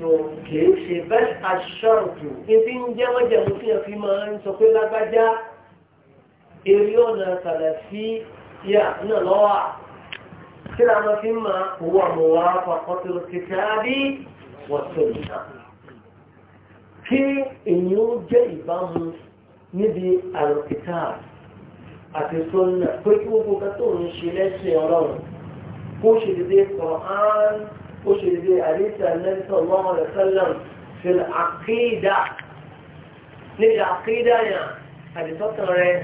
tó kìí ṣe bẹ́ẹ̀ aṣọ́ọ̀tù ibi ń jẹ́ wọ́n jẹ̀mú tí wọ́n fi máa ń sọ pé lágbájá eré ọ̀nà sàlàfíà náà lọ́wọ́ kí la máa fi máa owó àmọ̀wá pàpọ̀tò kìtàbí wọ̀tò nìta kí èyí ó jẹ́ ìbámu níbi àlùkìtà àti sọ́nà pé kí gbogbo kan tó ń ṣe lẹ́sìn ọlọ́run kó ṣe dédé Kùránì وشي حديث النبي صلى الله عليه وسلم في العقيدة نيجي العقيدة يعني حديث التوراة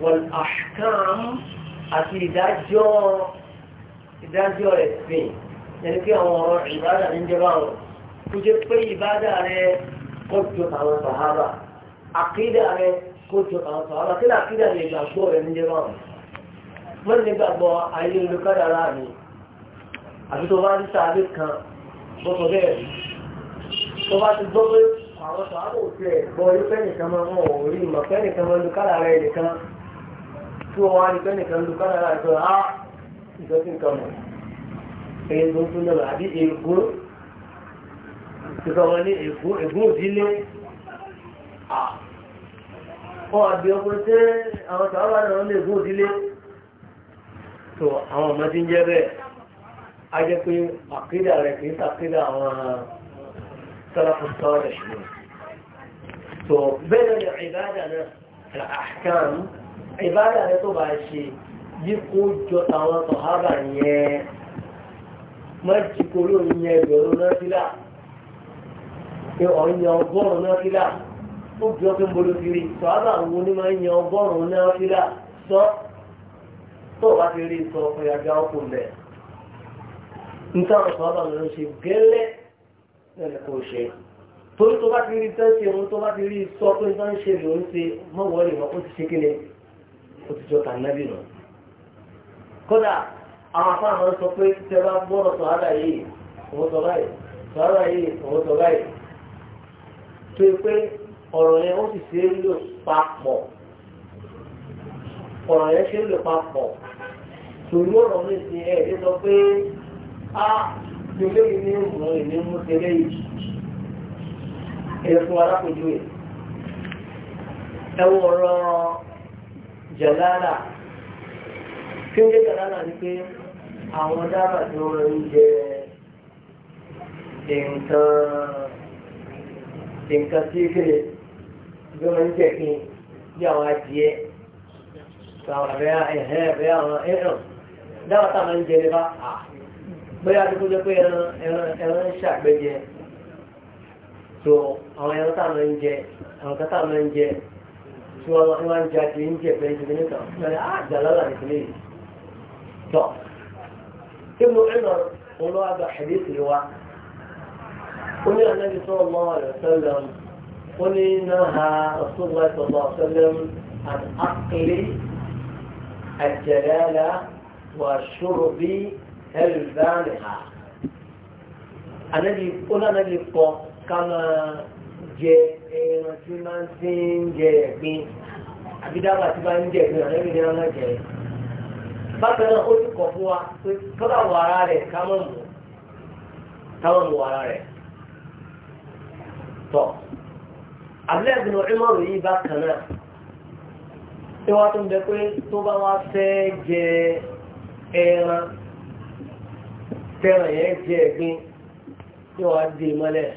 والأحكام àti ìdájọ́ ìdájọ́ ẹ̀sìn ẹni pé àwọn ọ̀rọ̀ ìbádà ní jẹ́ báwọn kó jẹ́ pé ìbádà rẹ kó jọ àwọn sàhábà àkídà rẹ kó jọ àwọn sàhábà kí ni àkídà rẹ ìgbàgbọ́ rẹ ní jẹ́ báwọn. wọ́n ní gbàgbọ́ ayélujára mi àbí tó bá rí sáré kan gbọ́sọ̀ bẹ́ẹ̀ rí tó bá ti gbọ́ pé àwọn sàárò òfin ẹ̀gbọ́ irúfẹ́ nìkan máa wọn ò rí ìmọ̀ fẹ́ nìkan máa lu kára rẹ̀ nìkan tí wọ́n wá rí fẹ́ nìkan lu kára rẹ̀ tó á ìjọsí nǹkan mọ̀ eégún tún náà àbí eégún ìkọ̀ wọn ní eégún eégún òdílé ọ àbí ọkùnrin tẹ́ àwọn sàárò àwọn èègún òdílé tó àwọn ọmọ ti ń jẹ́ bẹ́ẹ̀ a jẹ́ pé àkídà rẹ̀ kìí sàkídà àwọn sọ́lọ́pù ṣùgbọ́n tó bẹ́ẹ̀ ni ìbádà náà àkàn ìbádà rẹ̀ tó bá ṣe yí kó jọ àwọn sọ̀hábà yẹn má jí kóró yẹn ẹgbẹ̀rún náà sílá pé ọ̀yàn ọgọ́rùn-ún náà sílá ó bí ọkùnrin bolo kiri sọ̀hábà wo ni tó bá ti rí sọ fún yàgbá ọkùnrin nítawọn sọ́ọ́bà ló ṣe gẹ́lẹ́ lẹ́nu kò ṣe torí tó bá ti rí tán ṣe òun tó bá ti rí sọ pé tán ṣe lòun ṣe mọ́wọ́ lè mọ́ ó ti ṣe kíni ó ti jọ tànàbì nù. kódà àwọn afáàmọ́ sọ pé tẹ́ bá gbọ́dọ̀ sọ ara yìí òun sọ báyìí sọ ara yìí òun sọ báyìí tó yẹ pé a tẹ̀lé ìní mú ìní mú tẹ̀lé yìí ẹ̀fún arákùnjú ẹ̀ ẹwọ ọ̀rọ̀ jẹ̀lára kí ó jẹ́ jẹ̀lára ní pé àwọn dábà tí wọ́n ń jẹ nǹkan tí kéde bí wọ́n jẹ́ kí bí àwọn àwọn ẹ̀hẹ́ àwọn dábà táwọn ń bóyá tó jẹ́ pé ẹran ń ṣàgbẹ́jẹ tó àwọn ẹran tá a máa ń jẹ àwọn kan tá a máa ń jẹ tí wọ́n máa ń jẹ àti ń jẹ pẹ̀lú ìṣẹ̀lẹ̀ nìkan lọ́dẹ àdàlálà ìṣẹ̀lẹ̀ yìí tọ́ ibùdó ẹ̀nà òun lọ́wọ́ àgbà hadith yìí wá ó ní ànábi sọ́ọ́ mọ́ ọ̀rẹ́ sẹ́lẹ̀ ó ní náà ha ọ̀ṣunwó ẹ̀sọ̀ mọ́ àkìlẹ̀ àjẹ̀lẹ̀ ẹlùbánìhà anabi na anabi kọ jẹ ẹran tí máa jẹ ẹ̀gbin àbí dábàá tí jẹ ẹ̀gbin anabi ní ọlọ́ jẹ bákan náà ó ti kọ̀ fún wa pé kọ́lá wàrà rẹ̀ ká mọ̀ mọ́ ká mọ̀ mọ́ wàrà na jẹ tẹ́ràn yẹn jẹ́ ẹ̀gbin tí wọ́n dé mọ́lẹ̀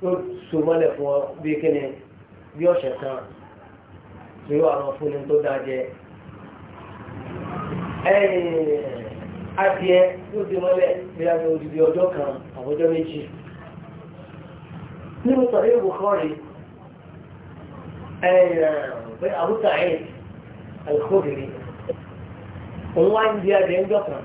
tó so mọ́lẹ̀ fún ọ bí kíni bí ọ̀sẹ̀ kan tí yóò àwọn fúnni tó dáa jẹ. adìẹ tó dé mọ́lẹ̀ bí a ní odidi ọjọ́ kan àbọ̀jọ́ méjì. nínú sọ̀rọ̀ yóò kọ́ rí pé àbúta ẹ̀ àlùkò òun wá ń di adìẹ ń jọ kan.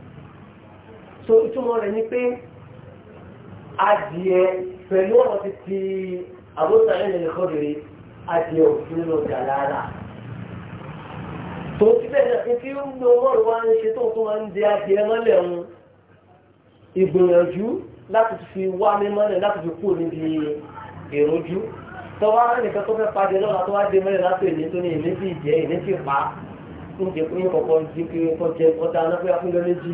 so ìtumọ̀ rẹ̀ ni pé adìẹ pẹ̀lú ọ̀rọ̀ ti ti àbúrò ẹ̀yìn ìkọ́rẹ̀ adìẹ òfin ló dà lára tó ti bẹ̀rẹ̀ sí kí ó ń lo ọmọrùn wa ń ṣe tó tó máa ń di adìẹ mọ́lẹ̀ ń ìgbìyànjú láti fi wá mi mọ́lẹ̀ láti fi kú níbi èròjú tó wá nìkan tó fẹ́ padì lọ́la tó wá dé mọ́lẹ̀ láti èlé tó ní èlé sí ìjẹ́ èlé sí pa ń jẹ́ pé kọ̀ọ̀kan jí pé kọjẹ́ kọjá náà pé akúndọ́ méjì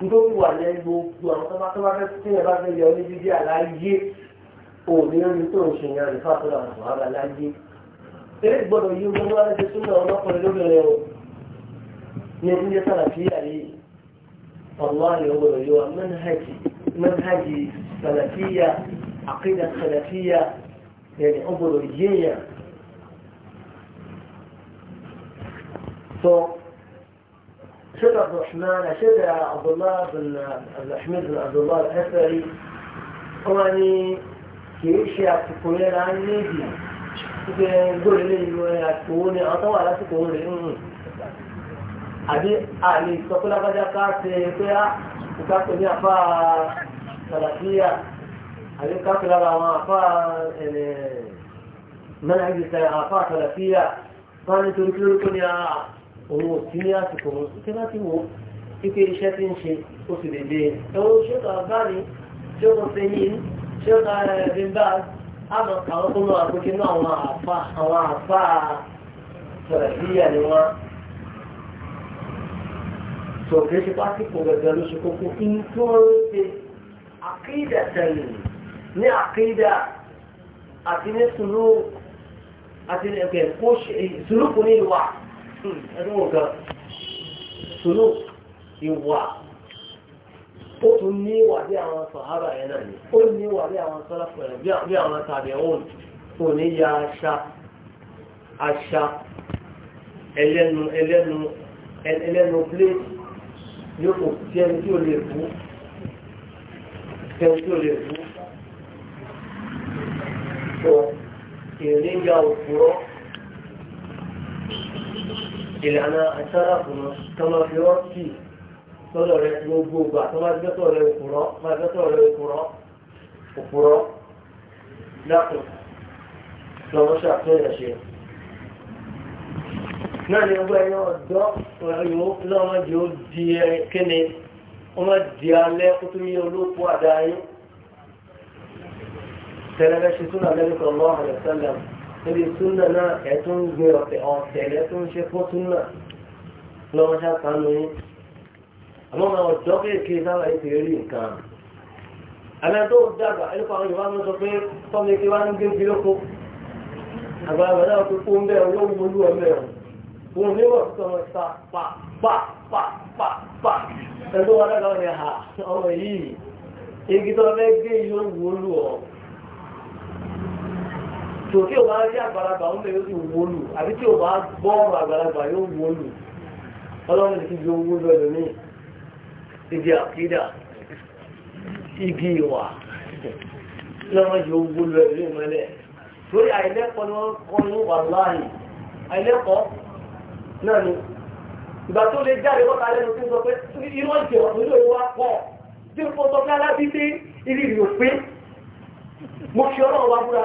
nítorí wà lẹ́yìn gbogbo àwọn tó bá tó bá fẹ́ tí ẹ bá fẹ́ yọ ní bíbí àláyé òní omi tó ń ṣèyàn rẹ̀ fàtúrà àwọn ará láyé. eré gbọ́dọ̀ yí gbogbo wa lẹ́sẹ̀ súnmọ́ ọlọ́kùnrin lóbìnrin o ní ẹbí jẹ́ sàlàfíà yìí ọ̀nà àyè gbọ́dọ̀ yí wa mẹ́nhàjì mẹ́nhàjì sàlàfíà àkídà sàlàfíà yẹn ọgbọ́dọ̀ yéèyàn. شد عبد الرحمن شد عبد الله بن الأحمد بن عبد الله الأثري واني يعني كيش يعطيكوني لان نيدي يقول لي انه يعطيكوني اطوى لا تكوني ابي علي تقول لك اذا كانت فيها وكانت فيها فا ثلاثية ابي كانت لها ما فا من عندي فا ثلاثية فانتو يقول لكم يا òun ò sí ní àsìkò wọn tí bá ti wò ó pípé iṣẹ́ tí ń ṣe ó sì lè lè ẹ̀wọ̀n ṣé ká bá ní ṣé kò ṣe yín ṣé ká ẹ̀ẹ́dì bá àmọ́ àwọn tó lọ àpótí náà àwọn àfa àwọn àfa sọ̀rọ̀ sí ìyá ni wọ́n ẹgbẹ́ wọn kan sùnú ìwà ó tún ní ìwà bí àwọn sọ̀hábà yẹn náà ni ó ní ìwà bí àwọn sọ́láfọ̀ yẹn bí àwọn tàbí òun kò ní ya aṣa aṣa ẹlẹ́nu ẹlẹ́nu ẹlẹ́nu pléètì yóò kò tí ẹni tí ó lè bú ẹni tí ó lè bú sọ ìrìn ya òpùrọ́ ìlànà àṣàràfùnà kọmọ fi wọ́n kì sọ́dọ̀ rẹ gbogbo ìgbà tó bá gbẹ́tọ̀ rẹ òkúrọ́ bá gbẹ́tọ̀ rẹ òkúrọ́ òkúrọ́ dákùn lọ́wọ́ ṣàtúnyẹ̀ ṣe. náà ni ọgbà ẹ̀yàn ọ̀dọ́ ìwọ lọ́wọ́ di ó di kíni wọ́n máa di alẹ́ kó tó yẹ olóko àdáyé tẹ̀lé bẹ́ẹ̀ tún àlẹ́ lọ́wọ́ àlẹ́ níbi súnà náà ẹ̀tún ń gbé ọ̀tẹ̀ ọ̀tẹ̀ ẹ̀tún ń ṣe fún súnà lọ́wọ́ ṣàkánú yín àmọ́ àwọn ọ̀dọ́ kéèké sábà yìí ti rí nǹkan àmì tó dàgbà ẹ̀lùkọ́ àwọn yorùbá mọ́ sọ pé tọ́mi kí wọ́n ń gbé bí lóko àgbàlagbà náà tó kó ń bẹ́ẹ̀ olówó olú ọmọ ẹ̀rọ òun ní wọ́n sọ wọn sa pa pa pa pa pa ẹ̀dọ́ wọn dàgbà wọn ni ha ọmọ yìí igi tó fẹ́ gbé yóò wú olú ọ̀hún tò tí o bá rí àgbàlagbà ń bẹ yóò ti wó lù àbí tí o bá gbọ́ ọ̀rọ̀ àgbàlagbà yóò wó lù ọlọ́run ní kí ju owó lọ lómi igi àkídà igi ìwà lọ́wọ́ ju owó lọ lómi mọ́lẹ̀ lórí àìlẹ́kọ̀ọ́ ni wọ́n kọ́ ní wàláhì àìlẹ́kọ̀ọ́ náà ni ìgbà tó lè jáde wọ́n kalẹ̀ ló ti sọ pé irú ọ̀jẹ̀ ọ̀dún ló wá pọ̀ tí o fọ́ sọ pé alábídé ìrírí òpin mo fi ọlọ́run wá búra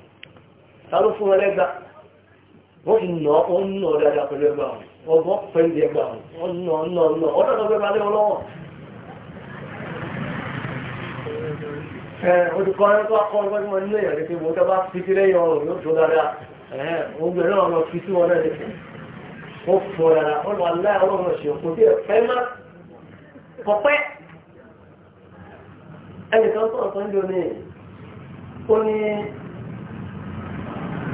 ta ló fún ẹlẹ́gbà wọ́n ti nà ọ́ ń nà dáadáa pẹ̀lú ẹgbà ọgbọ́n pẹ̀lú ẹgbà ọ̀nà ọ̀nà ọ̀nà ọ̀dọ́ tó gbẹ́gbà lé wọn lọ́wọ́ olùkọ́ ẹni tó akọ́ ọgbọ́n tí wọ́n ní èèyàn lépe wọ́n tábà fi sí lẹ́yìn ọrùn yóò tó dáadáa ogun náà lọ fi sí wọn náà lépe ó fọ dáadáa ó lọ aláì ọlọ́run ṣe òkú tí ẹ fẹ́ má kọ̀pẹ́ ẹnìkan tó ọ̀sán jọ ní ó ní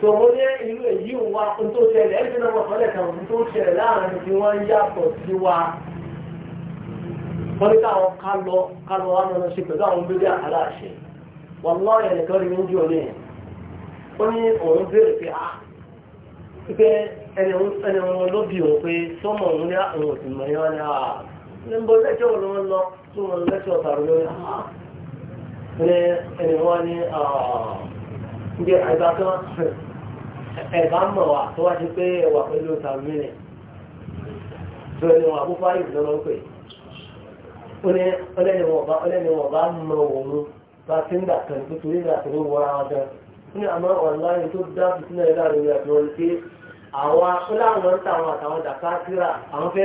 tòun ní ìlú èyí wa ohun tó ṣẹlẹ̀ ẹ̀ ṣẹlẹ̀ wọn sọ́lẹ̀ kan ohun tó ṣẹlẹ̀ láàrin tí wọ́n yàtọ̀ sí wa wọ́n káwọn pẹ̀lú àwọn bíbí lọ́ oúnjẹ òní ẹ̀ ó ní òun pé a ah! pé ẹni wọn ló bí òun pé òun ní àwọn òsì a ní bó ah! lẹ́jọ́ ló ń lọ tó wọn lẹ́jọ́ a ah! ẹni wọn bí àgbà ẹ̀bá mọ̀ wà tó wá pé ẹwà pẹ̀lú tàbílẹ̀ tó ẹni wọn àbúfá ìlú pé ọlẹ́ni wọn òun bá ti ń dàtọ̀ ní tuntun nígbà tó ń ní àmọ́ ọ̀nláyìn tó dá tuntun náà láàrin ìrìn pé àwọn akọ́láwọn tàwọn àtàwọn dàkátìrà àwọn fẹ́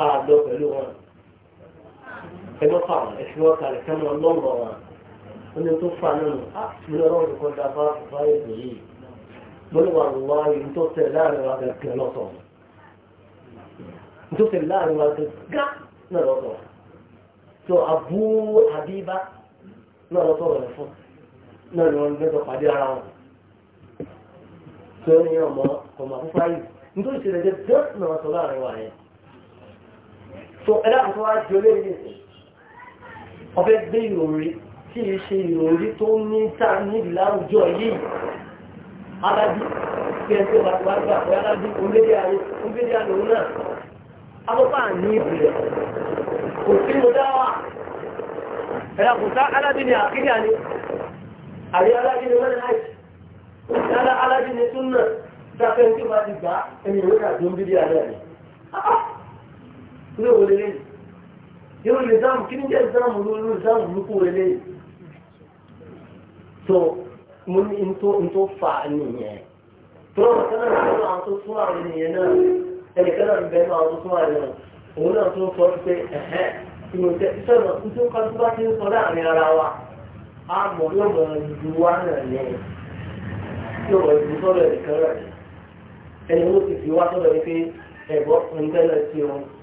àlọ́ pẹ̀lú wọn ẹgbẹ́ fà wọn ẹ̀fí wọn kalẹ̀ kẹ́mọ́ lọ́wọ́ wọn wọn ni tó fà nínú àti ọlọ́run tó kọjá bá bá ètò yìí lọ́lọ́wọ́ àlùwá yìí tó tẹ̀ láàrin wa gẹ̀gẹ́ lọ́tọ̀ tó tẹ̀ láàrin wa gẹ̀gẹ́ náà lọ́tọ̀ tó Abu Habiba náà lọ́tọ̀ rẹ̀ fún náà ni wọ́n gbẹ́tọ̀ pàdé ara wọn tó ní ọmọ ọmọ àfúfáyì nítorí ìṣẹ̀lẹ̀ jẹ́ gẹ́gẹ́ náà sọ láàrin wa yẹn so ẹ̀dá tó wá jọ lórí nìsín ọ̀fẹ́ gbé ìròrí tí ì ṣe ìròrí tó ní ta níbi láwùjọ yìí alábí kí ẹ tó bá ti wá gbà pé alábí onílé ayé onílé ayé òun náà abọ́pá ní ìbílẹ̀ kò sí mo dá wà ẹ̀dá kò sá alábí ni àkíyà ni àrí alábí ni wọ́n láì alábí ni túnà sáfẹ́ tí wọ́n ti gbà ẹni ìwé àti onílé ayé ní òwò lélẹ́ yóò lè dáàmù kí ní jẹ́ ìdáàmù lórí ìdáàmù lókù lélẹ́ tó fa nìyẹn tó rọ̀ kẹ́lá ń bẹ́ẹ̀ máa a fún àwọn ènìyàn na ẹnì kẹ́lá ń bẹ́ẹ̀ máa tó fún àwọn ènìyàn òun náà tó sọ pé ẹ̀hẹ́ ìmọ̀tẹ́ sọ̀rọ̀ nítorí kan tó bá ti ti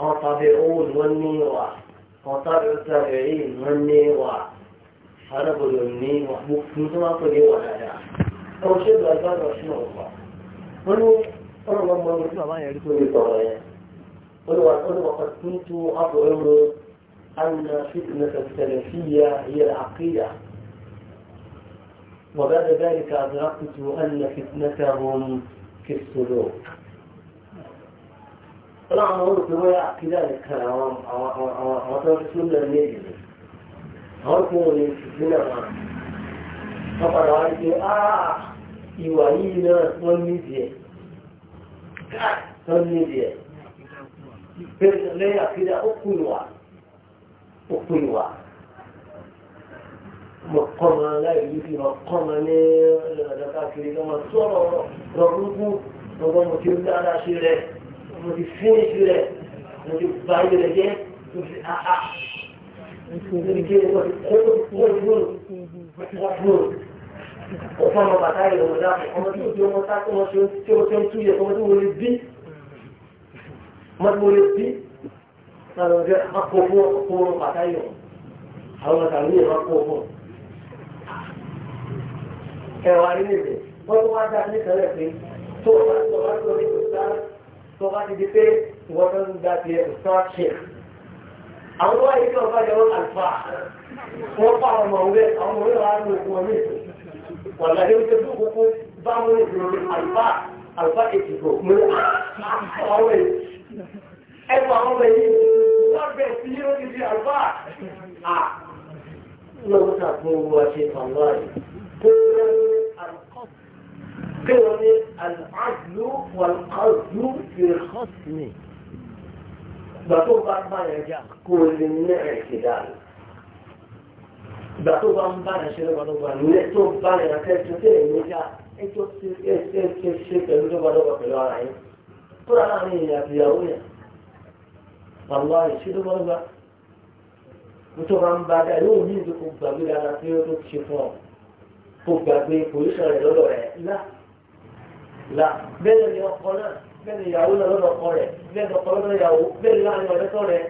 والطابعون والنيوة وطبع التابعين والنيوة حرب النيوة مطلق نيوة هذا أو شد الباب رحمه الله قلوا قلوا الله الله يعرفني بطريقة قلوا قلوا وقد كنت أظن أن فتنة السلفية هي العقيدة وبعد ذلك أدركت أن فتنتهم في السلوك ọlọ́run àwọn olùdókòwò àkídà nìkan àwọn àwọn ní èdè àwọn tó ń lè fi náà wọn wọn padà wá pé ìwà yìí náà wọ́n ní ìdíẹ̀ wọ́n ní ìdíẹ̀ lẹ́yìn àkídà ó kú ìwà ó láì yí fi ma ní ọ̀dọ̀ káàkiri lọ́mọ sọ̀rọ̀ rọ̀ burúkú lọ́gbọ́n mo kí n dáadáa ṣe rẹ̀ mo ti fún ìṣú rẹ̀ mo ti gba ìṣú rẹ̀ jẹ́ mo ti àhà mo ti kéré mo ti kó mo ti gbòòrò mo ti wá gbòòrò ó fún ọmọ bàtà ìrọ̀ ọ̀dà ọmọ tí òjò ọmọ tá ọmọ tí ó tí ó tí ó tú yẹ ọmọ tí wọlé bí ọmọ tí wọlé bí náà lọ sí akọ fún ọkọ bàtà ìrọ̀ àwọn ọmọ tàbí ìrọ̀ akọ fún ẹwà ilé rẹ̀ wọ́n tó wá dá nípa rẹ̀ pé tó wà tó wá tó ní kò sáré tó bá ti di pé wọ́n tó ń gba ti ọ̀sán ṣe. àwọn wáyé kí wọ́n bá jẹ́ wọ́n àlùfà wọ́n fà wọn mọ̀ wẹ́ àwọn ọmọ wẹ́wàá ń lo wọn ní wàlá yóò ṣe fún kókó bá wọn ní ìṣòro àlùfà àlùfà ètùkò mú ah, àwọn èyí ẹnu àwọn ọmọ èyí wọ́n bẹ̀ sí yóò ti di àlùfà ah, lọ́wọ́ sàkóso wa ṣe àwọn àyè بين العدل والقصد في الخصم بطول باربا يجاك كل النعي كدال بطول باربا يشير بطول باربا نتوب باربا يكتشفين يجاك ètò ṣe pẹ̀lú lọ́gbàdọ́gbà pẹ̀lú ara yìí tó rárá ní ìyà ìyàwó yẹn pàlọ́ ìṣe lọ́gbàdọ́gbà tó máa ń bá dáa yóò ní ìdókòó gbàgbé dáadáa tí ó tó ṣe fún ọ kó gbàgbé pòlíṣàn rẹ lọ́dọ̀ rẹ lá là bẹ́ẹ̀ ni ọkọ náà bẹ́ẹ̀ ni ìyàwó náà lọ́dọ̀ ọkọ ni ọkọ lọ́dọ̀ ìyàwó bẹ́ẹ̀ ni láàrin ọ̀dẹ́tọ̀ rẹ̀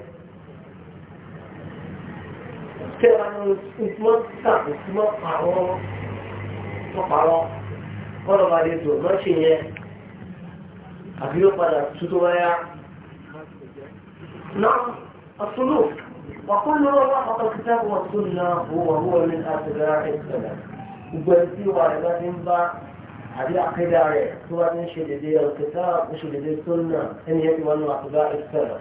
kẹ́ra ní ìtumọ̀ tàbí ìtumọ̀ pààrọ̀ pààrọ̀ kọ́nà bá lè dùn mọ́ ṣe yẹn àbí ó padà tuntun báyà àbí عقيدة rẹ̀ tó wá ní ṣe dédé ọ̀kẹta ń ṣe dédé sunna ẹni yẹn ti wọn nù àkùdá ìfẹ́rẹ̀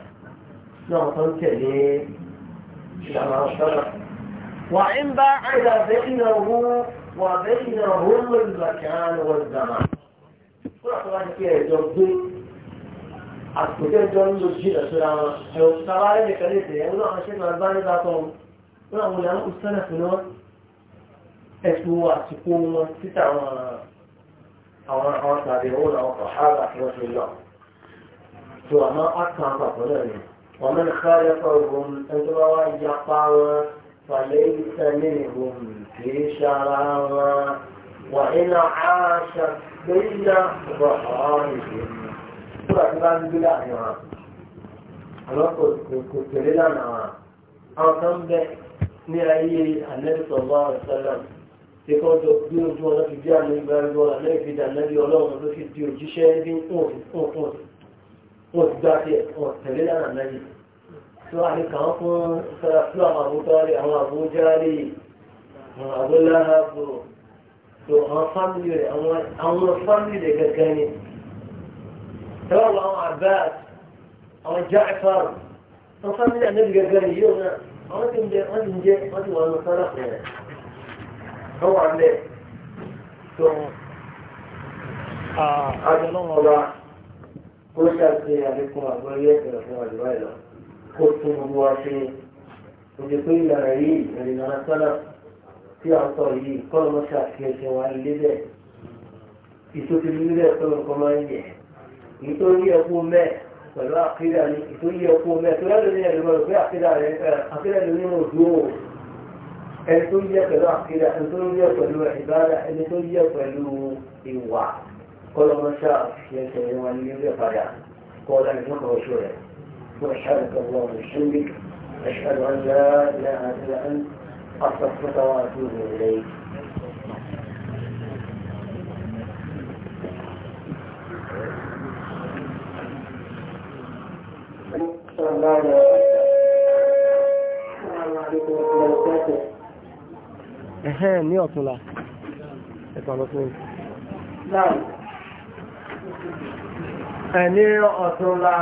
náà بينه ń tẹ̀lé ìlànà ọ̀sán. wà á ń bá àìdá bẹ́ẹ̀ náà wú wà bẹ́ẹ̀ náà wú lórí bàkàn wọn zàmà. kúrò tó wá ní kí ẹ̀jọ̀ gbé àtúntẹ̀ jọ ń lo jìnnà síra wọn ẹ̀rọ sábà rẹ̀ nìkan lè náà ṣe máa bá nípa tó wọn àwọn ìlànà ọ̀sán ẹ̀sùn àtìkú wọn títà wọn او تابعون او صحابه رسول الله سواء ما اكثر فضلا ومن خالفهم اجرى ويقطع فليس منهم في شرار وان عاش بين ظهرانهم ولكن يجب ان يكون هناك افضل من اجل ان يكون هناك kíkọ́ jọ bí ojú ọ̀nà fi bí àmì ìgbà ìlú ọ̀nà lẹ́yìn fi dà lẹ́yìn ọlọ́run ló fi di òjíṣẹ́ bí wọ́n ti gbá sí ọ̀ tẹ̀lé lánàá lẹ́yìn. tó a ní kàn fún sọ́ra fún àwọn àbútọ́rí àwọn àbújárí àwọn àbúláhàbò tó àwọn fámìlì rẹ̀ àwọn fámìlì rẹ̀ gẹ́gẹ́ ni. tẹ́wọ́ wọ àwọn Abbas àwọn Ja'far àwọn fámìlì àná tó wà lẹ̀ tó àjọlọ́wọ́ wa kó ṣàṣe àlékún àgbọ̀yé ẹ̀sìn fún àdúrà ìlọ kó tún gbogbo wa ṣe òjò pé ìlànà yìí ìrìnà sọ́nà tí a ń sọ yìí kọ́nà mọ́ ṣàfihàn ṣe wà lé bẹ́ẹ̀ ìtòkè lílẹ̀ sọ́nà kan máa ń yẹ nítorí ẹkún mẹ́ẹ̀ pẹ̀lú àkídà ní ìtòyí ẹkún mẹ́ẹ̀ tó yá lórí ẹ̀rọ pé àkídà rẹ̀ àkídà lórí ẹ̀rọ ẹni tó yẹ pẹ̀lú àkídà ẹni tó yẹ pẹ̀lú ìbádà ẹni tó yẹ pẹ̀lú ìwà kọlọmọṣà yẹ sọ̀rọ̀ wọn ní ilé padà kọlá ìjọba oṣù rẹ̀ fún ìṣàlùkọ̀ wọn ìṣúndì أشهد أن لا إله إلا أنت أستغفرك وأتوب إليك صلى الله عليه وسلم ẹ̀hẹ́n ní ọ̀túnla ẹ̀tọ́ ọlọ́sìn ẹ̀ ní ọ̀túnla